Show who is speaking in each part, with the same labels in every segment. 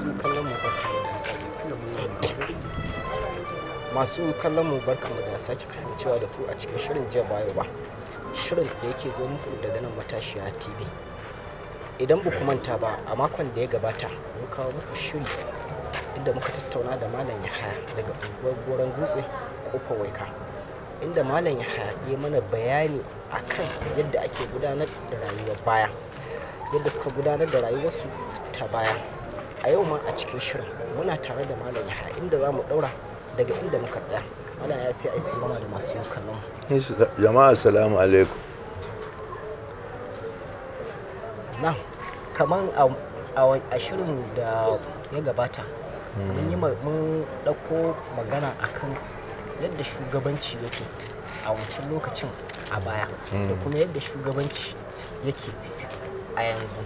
Speaker 1: masu kallon mu barka mu da sake masu kallon mu da sake kasancewa da ku a cikin shirin jiya bayo ba shirin da yake zo muku daga nan matashiya tv idan ba ku manta ba a makon da ya gabata mun kawo muku shiri inda muka tattauna da malam yahaya daga unguwar goron dutse kofar waika inda malam yahaya ya mana bayani akan yadda ake gudanar da rayuwar baya yadda suka gudanar da rayuwarsu ta baya a yau ma a cikin shirin muna tare da malam yaha inda za mu daura daga inda muka tsaya malam ya sai ai salama da masu
Speaker 2: kallon jama'a assalamu alaikum
Speaker 1: na kaman a shirin da ya gabata hmm. mun yi mun dauko magana akan yadda shugabanci yake a wancan lokacin a baya da hmm. kuma yadda shugabanci yake a yanzu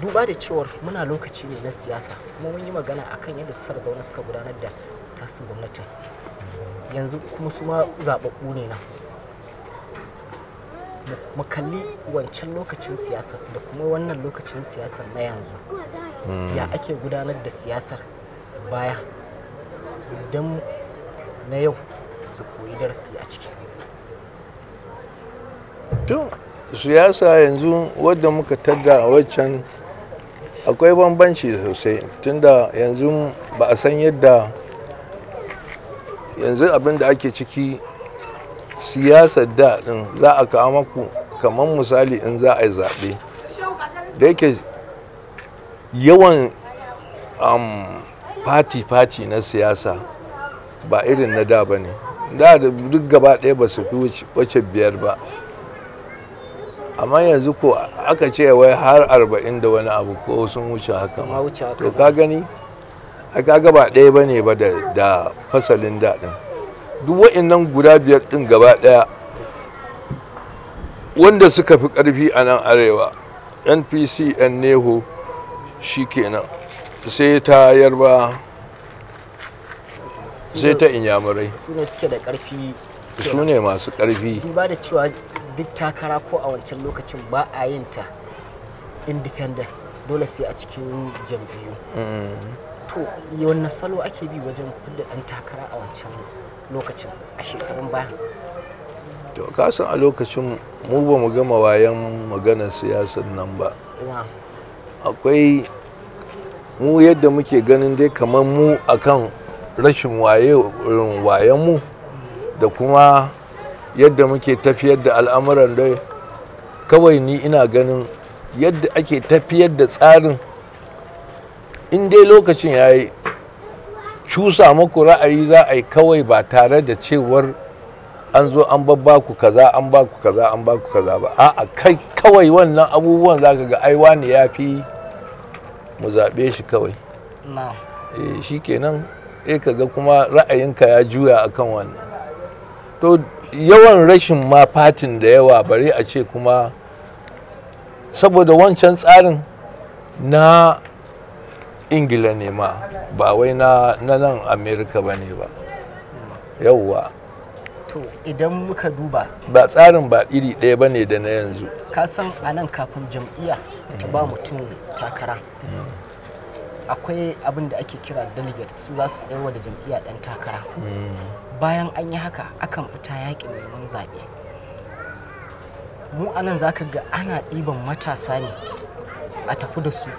Speaker 1: duba da cewar muna lokaci ne na siyasa kuma mun yi magana akan yadda sardauna suka gudanar da tasin gwamnatin yanzu kuma su ma zaɓaɓɓu ne na mu kalli wancan lokacin siyasa da kuma wannan lokacin siyasar na yanzu hmm. ya ake gudanar da siyasar baya don na yau su koyi darasi a
Speaker 2: ciki to siyasa yanzu wadda muka tada a waccan akwai bambanci sosai tunda yanzu ba a san yadda yanzu abin da ake ciki siyasar da din za a kawo maku kamar misali in za a yi zaɓe da yake yawan fati-fati um, na siyasa ba irin na da ba ne da duk gaba ɗaya ba su fi wace biyar ba amma yanzu ko aka ce wai har arba'in da wani abu ko sun wuce haka ma to ka gani a kaga ba ɗaya ba ne ba da fasalin daɗin duk wa'innan guda biyar ɗin gaba ɗaya wanda suka fi ƙarfi a nan arewa npc yan neho shi kenan sai ta yarba sai ta inyamurai su
Speaker 1: suke da ƙarfi
Speaker 2: su masu ƙarfi
Speaker 1: duk takara ko a wancan lokacin ba a yin ta independent dole sai a cikin jam'iyyu to yawan salo ake bi wajen fidda dan takara a wancan lokacin a shekarun baya
Speaker 2: to kasan a lokacin mu ba mu gama wayan maganar siyasar nan ba akwai mu yadda muke ganin dai kamar mu akan rashin wayan mu da kuma yadda muke tafiyar da al'amuran da kawai ni ina ganin yadda ake tafiyar da tsarin in dai lokacin ya yi cusa maku ra'ayi za a yi kawai ba tare da cewar an zo an babba ku kaza an ba ku kaza an ba ku kaza ba a'a kai kawai wannan abubuwan za ka ga aiwa ne ya fi mu zaɓe shi kawai eh, shi kenan ka ga kuma ra'ayinka ya juya akan wannan to yawan rashin ma fatin da yawa bari a ce kuma saboda wancan tsarin na ingila ne ma ba wai na nan amerika ba ne ba yauwa to
Speaker 1: idan muka duba
Speaker 2: ba tsarin ba iri ɗaya ba ne da na yanzu
Speaker 1: ka san a nan kafin jam'iyya ta ba mutum takara akwai abinda ake kira delegate su za su tsayawa da jam'iya ɗan takara mm. bayan an yi haka akan fita yakin neman zaɓe mu anan za ka ga ana ɗiban matasa ne a tafi da su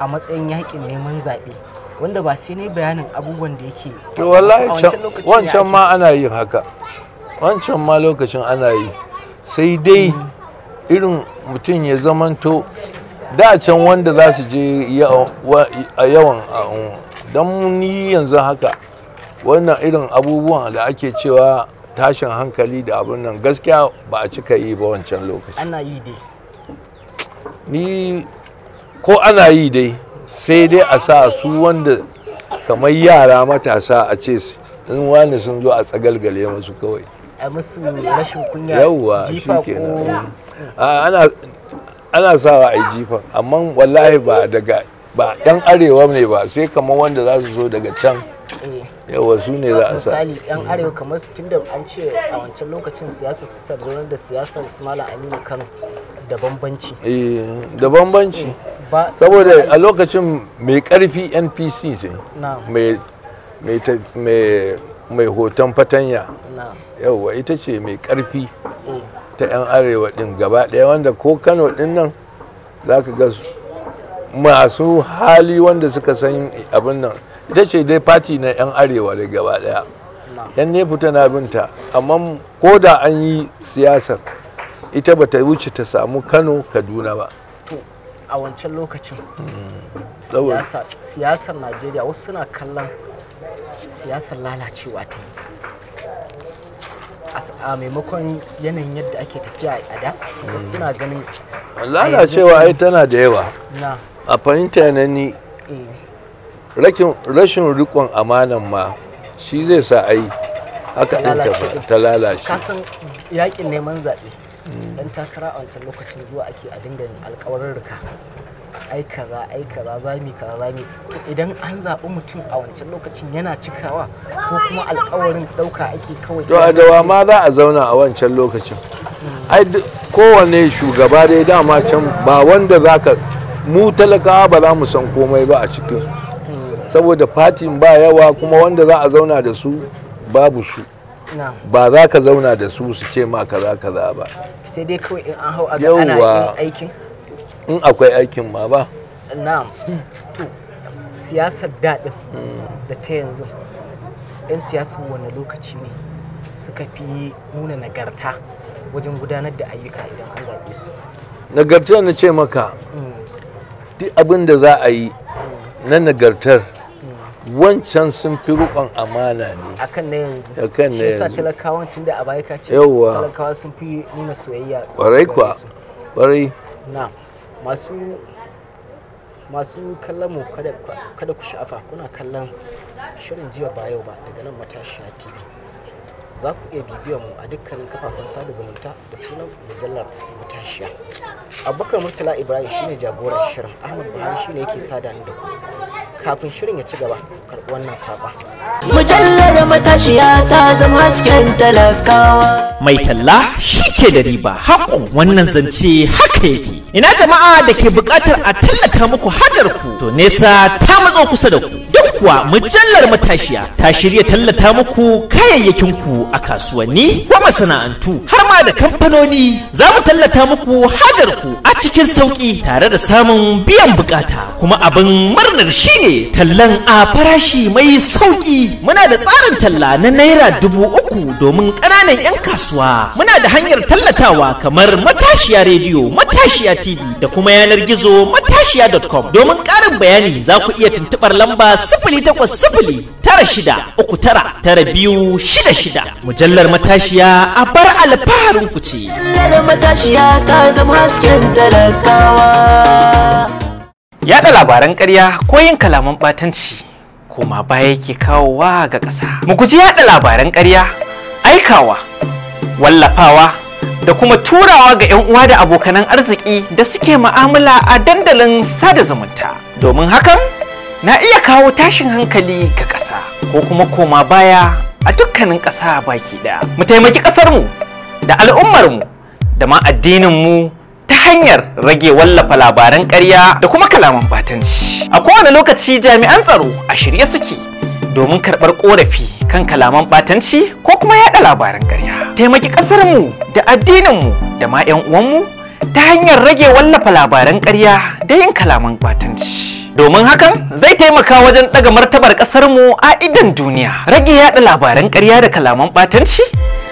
Speaker 1: a matsayin yakin neman zaɓe wanda ba sai ne bayanin abubuwan da yake to wallahi wancan ma
Speaker 2: ana yin haka wancan ma lokacin ana yi sai dai mm. irin mutum ya zamanto da can wanda za su je a yawan don ni yanzu haka wannan irin abubuwan da ake cewa tashin hankali da abin nan gaskiya ba a cika yi ba wancan lokaci ana yi dai ni ko ana yi dai sai dai a sa su wanda kamar yara matasa a ce su, in wani sun zo a tsagalgale masu kawai
Speaker 1: a musu rashin kunya yawwa
Speaker 2: ana ana sawa a jifa amma wallahi ba daga ba yan arewa ne ba sai kamar wanda za su zo daga can Eh. yawa su ne za a sa misali yan arewa
Speaker 1: kamar tun da an ce a wancan lokacin siyasar su sardunar da siyasar su malam aminu kano da bambanci
Speaker 2: eh, da bambanci mm, saboda a lokacin mai karfi npc ce mai hoton fatanya yawa ita ce mai karfi eh. ta yan arewa din gaba daya wanda ko kano din nan za ka ga masu hali wanda suka san abin nan ita ce dai fati na 'yan arewa da gaba daya yan nefu tana binta amma ko da an yi siyasar ita ba ta wuce ta samu kano kaduna ba
Speaker 1: a wancan lokacin hmm. siyasar najeriya wasu suna kallon siyasar lalacewa ta yi a maimakon yanayin yadda ake tafiya a da wasu suna ganin
Speaker 2: lalacewa ai tana da yawa a fahimta na ni eh. rashin rikon amanan ma shi zai sa a yi haka ɗin ta lalace kasan
Speaker 1: yakin neman zaɓe mm. ɗan takara a wancan lokacin zuwa ake a dinga alkawarin rika ai za ai kaza za mu ka za mu to idan an zaɓi mutum a wancan lokacin yana cikawa ko kuma alkawarin ɗauka ake kawai to a dawa
Speaker 2: ma za a zauna a wancan lokacin mm. ai kowane shugaba dai dama can ba wanda za ka. mu talakawa ba za mu san komai ba a cikin saboda fatin ba yawa kuma wanda za a zauna da su babu su ba za ka zauna da su su ce ma kaza kaza ba
Speaker 1: sai dai kawai in an hau a ga ana aikin
Speaker 2: in akwai aikin ma ba
Speaker 1: na'am to siyasar daɗin hmm. da ta yanzu 'yan siyasar wani lokaci ne suka fi nuna nagarta wajen gudanar da ayyuka idan an zaɓe su
Speaker 2: nagarta na ce maka hmm. duk abin da za a yi na nagartar wancan sun fi rukon amana
Speaker 1: ne a kan na yanzu
Speaker 2: a kan na yanzu shi sa
Speaker 1: talakawan tun da a baya ka ce talakawa sun fi nuna soyayya kwarai kwa kwarai na masu masu kallon mu kada ku sha'afa kuna kallon shirin jiya ba yau ba daga nan matashi matashiya tv za ku iya bibiyar mu a dukkanin kafafen sada zumunta da sunan mujallar matashiya abubakar murtala ibrahim shine jagoran shirin ahmad buhari shine yake sada ni da ku kafin shirin ya ci gaba karɓi wannan saba mujallar matashiya ta zama hasken
Speaker 3: talakawa mai talla shi ke da riba haƙo wannan zance haka yake ina jama'a da ke buƙatar a tallata muku hajar ku to nesa ta matso kusa da ku kuwa mujallar matashiya ta shirya tallata muku kayayyakin ku a kasuwanni ko masana'antu har ma da kamfanoni za mu tallata muku hajarku a cikin sauƙi tare da samun biyan bukata kuma abin murnar shine tallan a farashi mai sauƙi muna da tsarin talla na naira dubu uku domin ƙananan 'yan kasuwa muna da hanyar tallatawa kamar matashiya rediyo matashiya tv da kuma yanar gizo matashiya.com domin ƙara bayani za ku iya tuntuɓar lamba sifili takwas sifili tara shida uku tara tara biyu shida shida mujallar matashiya a bar alfaharin ku ce.
Speaker 1: Mujallar matashiya ta zama hasken talakawa.
Speaker 3: Yaɗa labaran ƙarya ko yin kalaman ɓatanci koma baya yake kawowa ga ƙasa. Mu guji yaɗa labaran ƙarya, aikawa, wallafawa, da kuma turawa ga 'yan uwa da abokanan arziki da suke ma'amala a dandalin sada zumunta. domin hakan na iya kawo tashin hankali ga ƙasa ko kuma koma baya a dukkanin ƙasa baki ɗaya mu taimaki ƙasarmu da al'ummarmu da ma mu ta hanyar rage wallafa labaran ƙarya da kuma kalaman batanci a kowane lokaci jami'an tsaro a shirye suke domin karɓar ƙorafi kan kalaman batanci ko kuma yaɗa labaran ƙarya taimaki ƙasarmu da addinin mu da ma 'yan uwanmu ta hanyar rage wallafa labaran ƙarya da yin kalaman ɓatanci. Domin hakan zai taimaka wajen ɗaga martabar ƙasarmu a idan duniya. Rage yaɗa labaran ƙarya da kalaman ɓatanci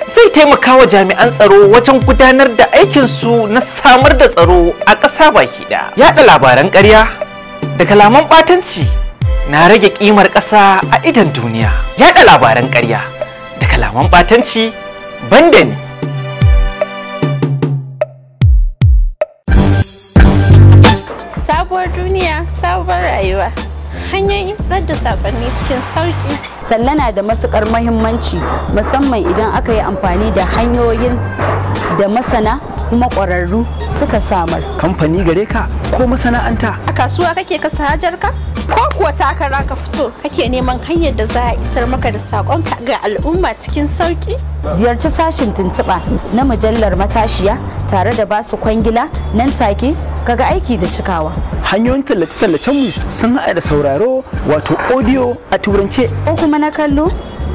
Speaker 3: zai taimaka wa jami'an tsaro wajen gudanar da aikinsu na samar da tsaro a ƙasa baki ɗaya. Yaɗa labaran ƙarya da kalaman ɓatanci na rage ƙimar ƙasa a idan duniya. Yaɗa labaran ƙarya da kalaman ɓatanci banda ne.
Speaker 1: duniya sabon rayuwa hanyoyin isar da sakonni cikin sauki na da matukar mahimmanci musamman idan aka yi amfani da hanyoyin da masana kuma ƙwararru suka samar
Speaker 3: kamfani gare ka ko masana'anta a kasuwa kake kasa hajar ka ko kuwa takara ka fito kake neman hanyar da za a isar maka da saƙonka ga al'umma cikin sauƙi? ziyarci
Speaker 1: sashen tuntuɓa na mujallar matashiya tare da basu kwangila nan take kaga aiki da cikawa.
Speaker 3: hanyoyin tallace-tallacen mu sun haɗa da sauraro wato audio a turance ko kuma na kallo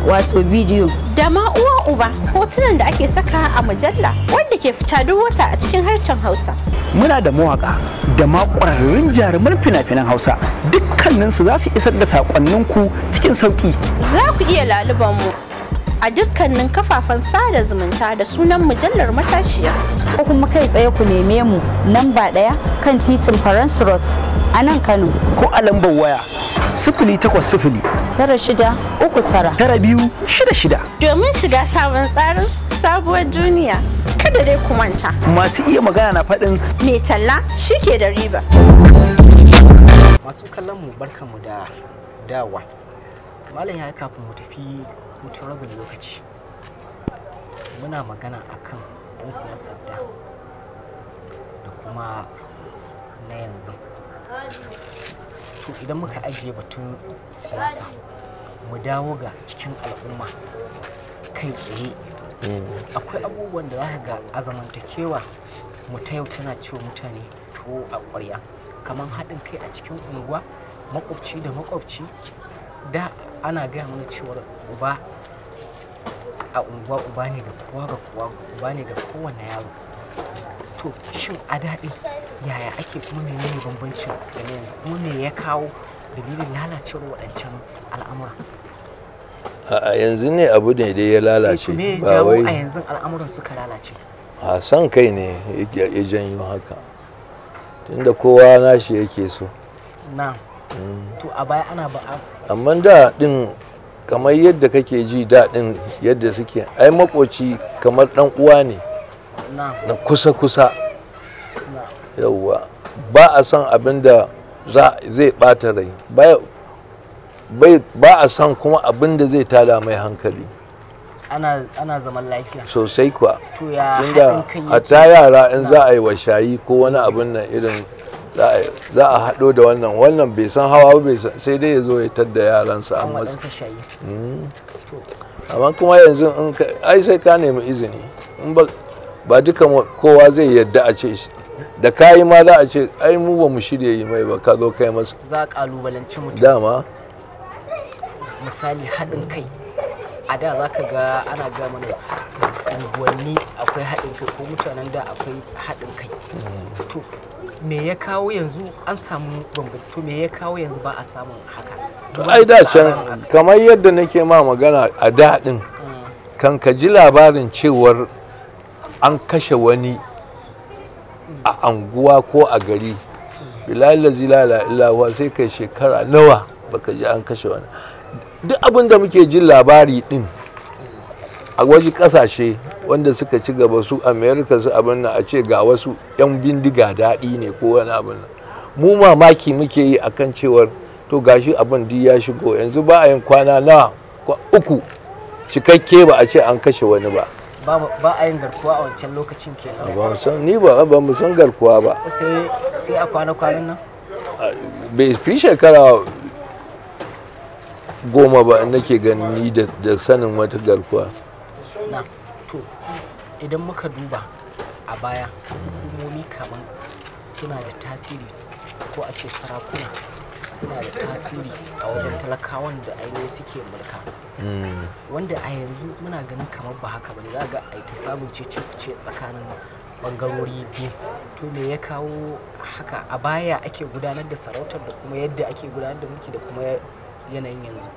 Speaker 3: wato bidiyo da ma uwa uba hotunan da ake saka a mujalla wanda ke fita duk wata a cikin harshen hausa muna da mawaka da ma ƙwararrun jaruman fina-finan hausa dukkaninsu za su isar da saƙonninku cikin sauƙi za ku iya laluban mu a dukkanin kafafen sada zumunta da sunan mujallar matashiya. Ko kuma kai tsaye ku neme mu nan ba ɗaya kan titin Faransu Road a nan Kano. Ko a lambar waya sifili takwas sifili. Tara shida uku tara. Tara biyu shida shida. Domin shiga sabon tsarin sabuwar duniya. Kada dai ku manta. Masu iya magana na faɗin. Mai talla
Speaker 1: shike ke da riba. Masu kallon mu da dawa. Malam ya kafin mu tafi hutun rabin lokaci muna magana akan 'yan siyasar da da kuma na yanzu to idan muka ajiye batun siyasa mu dawo ga cikin al'umma kai tsaye akwai abubuwan da za ga a zamantakewa mu ta yau tana cewa mutane to a ƙwarya kamar haɗin kai a cikin unguwa makwabci da makwabci da ana gaya mana cewar uba a unguwa uba ne ga kowa ga kowa uba ne ga kowane yaro to shin a daɗi yaya ake kuma menene bambancin da ne yanzu kuma me ya kawo dalilin lalacewar waɗancan al'amura
Speaker 2: a yanzu ne abu ne dai ya lalace eh, ba wai a
Speaker 1: yanzu al'amuran suka lalace
Speaker 2: a san kai ne ya janyo haka tunda kowa nashi yake so
Speaker 1: na'am to a baya ana ba
Speaker 2: amma da din kamar yadda kake ji daɗin yadda suke ai makoci kamar ɗan uwa ne na kusa-kusa yauwa ba a son abin da zai ɓata rai ba a son kuma abin da zai tada mai hankali
Speaker 1: ana zaman lafiya
Speaker 2: sosai kuwa
Speaker 1: tunda a ta
Speaker 2: yara in za a yi wa shayi ko wani abin nan irin za a haɗo da wannan wannan bai san hawa ba sai dai ya zo ya tadda yaransa an matsa hmm. amma kuma yanzu in ai sai ka nemi izini in ba duka kowa zai yadda a ce da kayi ma za a ce ai mu ba mu shirya yi mai ba ka zo kai masa
Speaker 1: za a kalubalanci mutum dama misali haɗin kai a da za ka ga ana ga mana unguwanni akwai haɗin kai ko mutanen da akwai haɗin kai to me ya kawo yanzu an samu to me ya kawo yanzu ba a samun haka to ai da can
Speaker 2: kamar yadda nake ma magana a da din mm. kan ka ji labarin cewar an kashe wani a anguwa ko a gari mm. bilal la illawa sai kai shekara nawa baka ji an kashe wani duk abin da muke jin labari din a waje kasashe wanda suka ci gaba su america su abin nan a ce ga wasu yan bindiga daɗi ne ko wani abin nan mu mamaki muke yi akan cewar to gashi abin duk ya shigo yanzu ba a yin kwana na uku cikakke ba a ce an kashe wani ba
Speaker 1: ba a yin garkuwa a wancan lokacin kenan
Speaker 2: ba san ni ba ba mu san garkuwa ba
Speaker 1: sai sai a kwana kwanan nan
Speaker 2: bai fi shekara goma ba nake gani da sanin wata garkuwa
Speaker 1: to idan muka duba a baya hukumomi kaman suna da tasiri ko a ce sarakuna suna da tasiri a wajen talakawan da ainihi suke mulka hmm. wanda a yanzu muna ganin kamar ba haka bane za ga aiki samun cece tsakanin bangarori biyu to me ya kawo haka a baya ake gudanar da sarautar da kuma yadda ake gudanar da mulki da kuma yanayin yanzu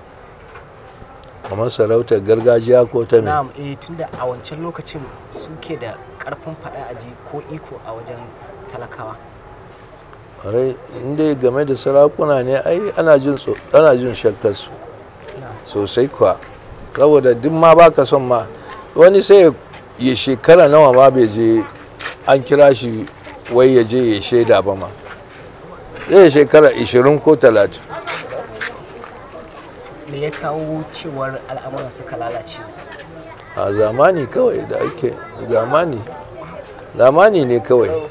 Speaker 2: kamar sarautar gargajiya ko ta na'am
Speaker 1: eh tunda a wancan lokacin suke da karfin fada aji ko iko a wajen talakawa
Speaker 2: ƙwarai inda game da sarakuna ne ai ana jin ana jin shakkar su sosai kuwa saboda duk ma baka son ma wani sai ya shekara nawa ma bai je an kira shi wai ya je ya shaida ba ma zai shekara 20 ko 30
Speaker 1: me ya kawo cewar al'amuran suka lalace
Speaker 2: a zamani kawai da ake zamani zamani ne kawai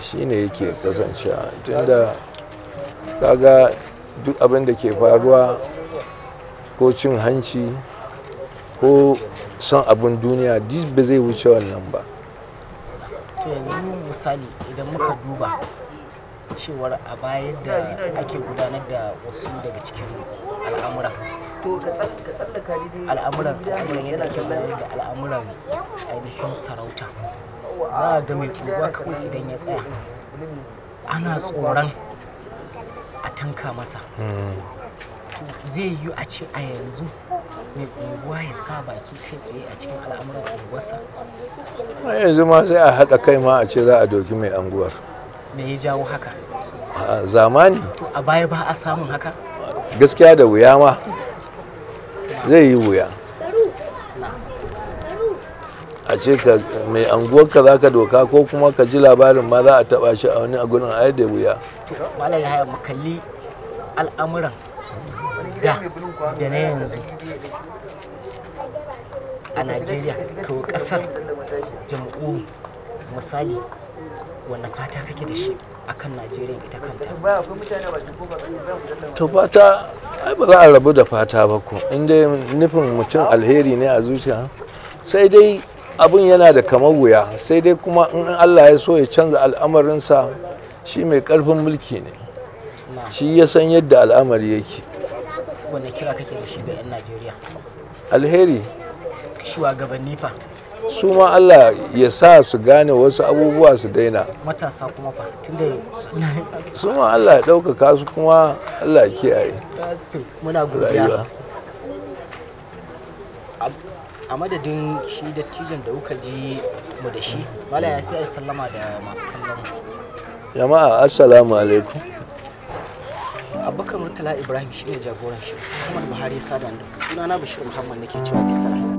Speaker 2: shi ne yake kasancewa tunda kaga duk abin da ke faruwa ko cin hanci ko son abin duniya dis ba zai wuce wannan ba
Speaker 1: to yanzu misali idan muka duba cewar a bayan da ake gudanar da wasu daga cikin al'amuran al'amuran al'amuran yadda ake gudanar da al'amuran ainihin sarauta za a ga mai kawai idan ya tsaya ana tsoron a tanka masa hmm. zai yi a ce a yanzu mai unguwa ya sa baki kai tsaye a cikin al'amuran unguwarsa
Speaker 2: yanzu ma sai a haɗa kai ma a ce za a doki mai unguwar.
Speaker 1: me ya jawo haka
Speaker 2: a zamani
Speaker 1: to a baya ba a samun haka
Speaker 2: gaskiya da wuya ma zai yi wuya a ce ka mai anguwarka za ka doka ko kuma ka ji labarin ma za a taba shi a wani agunan ayar da wuya
Speaker 1: to malam ya makalli al'amuran
Speaker 2: da da na yanzu
Speaker 1: a najeriya kawo kasar jam'u misali wanda fata kake da shi kan najeriya ita kanta to
Speaker 2: fata ai ba za a rabu da fata ba ko inda nufin mutum alheri ne a zuciya sai dai abun yana da kamar wuya sai dai kuma in allah ya so ya canza al'amarinsa shi mai karfin mulki ne shi ya san yadda al'amari yake
Speaker 1: wanda kira kake da shi 'yan najeriya alheri fa
Speaker 2: su ma Allah ya sa su gane wasu abubuwa su daina
Speaker 1: matasa kuma fa tunda
Speaker 2: su ma Allah ya ɗaukaka su kuma Allah ya kiyaye
Speaker 1: muna godiya a madadin shi dattijan da kuka ji mu da shi mala ya sai sallama da masu kallon
Speaker 2: jama'a assalamu alaikum
Speaker 1: abubakar murtala ibrahim shi ne jagoran shi kuma buhari sada sunana bashir muhammad nake cewa bisalam